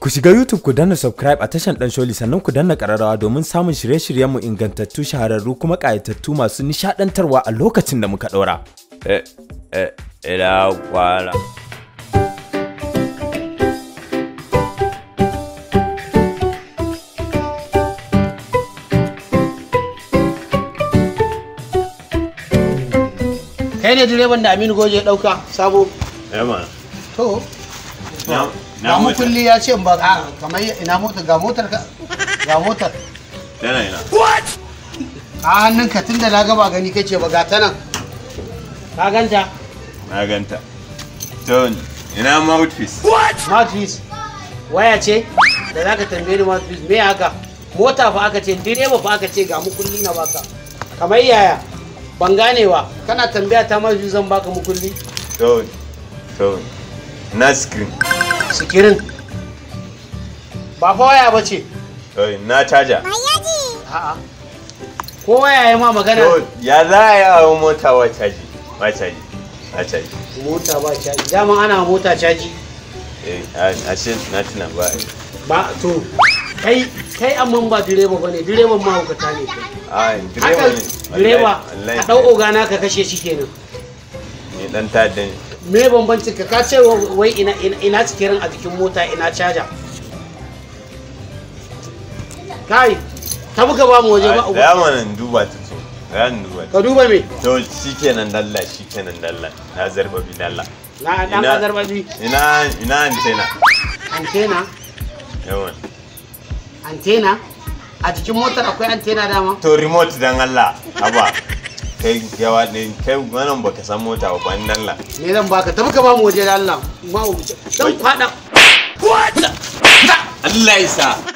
Ku shiga YouTube ku danna subscribe a tashan Dan Sholi sannan ku danna ƙararrawa domin samun shirye-shiryenmu ingantattu shahararru kuma ƙayatattu masu nishaɗantarwa a lokacin da muka ɗora. Eh, eh, ila kwana. Kai ne direban da Aminu Goje ya ɗauka sabo? Yamma. Eh, to, ga kulli ya ce ba a kamar ina motar ga motar ka ga motar tana ina what a hannun ka tunda na gaba gani kace ba ga ta nan ka ganta na ganta to ina mouthpiece what mouthpiece waya ce da zaka tambaye ni mouthpiece me haka mota fa aka ce direba fa aka ce ga mu kulli na baka kamar yaya ban gane wa kana tambaya ta mouthpiece zan baka mu kulli to to na screen sikirin ba fa waya ba ce na caja a'a ko waya ya ma magana ya za a yi a mota wa caji ba caji a caji mota ba caji dama ana mota caji eh, a ce na tuna ba ba to kai kai amma ba direba bane direban ma hukata ne a direba ne direba a dau ogana ka kashe shi kenan ni dan ta ne me bambancin ka ka ce wai ina cikirin a jikin mota ina caja kai ta buga ba mu waje ba uba ya mana duba ta so ya duba ka duba me to shikenan dalla shikenan dalla na bi dalla na na bi ina ina antena antena yawan antena a jikin motar akwai antena dama to remote dan Allah haba kai yawa ne kai wannan baka san mota ba ban dalla me zan baka ta baka ba mu waje da Allah ma dan kwada Allah ya sa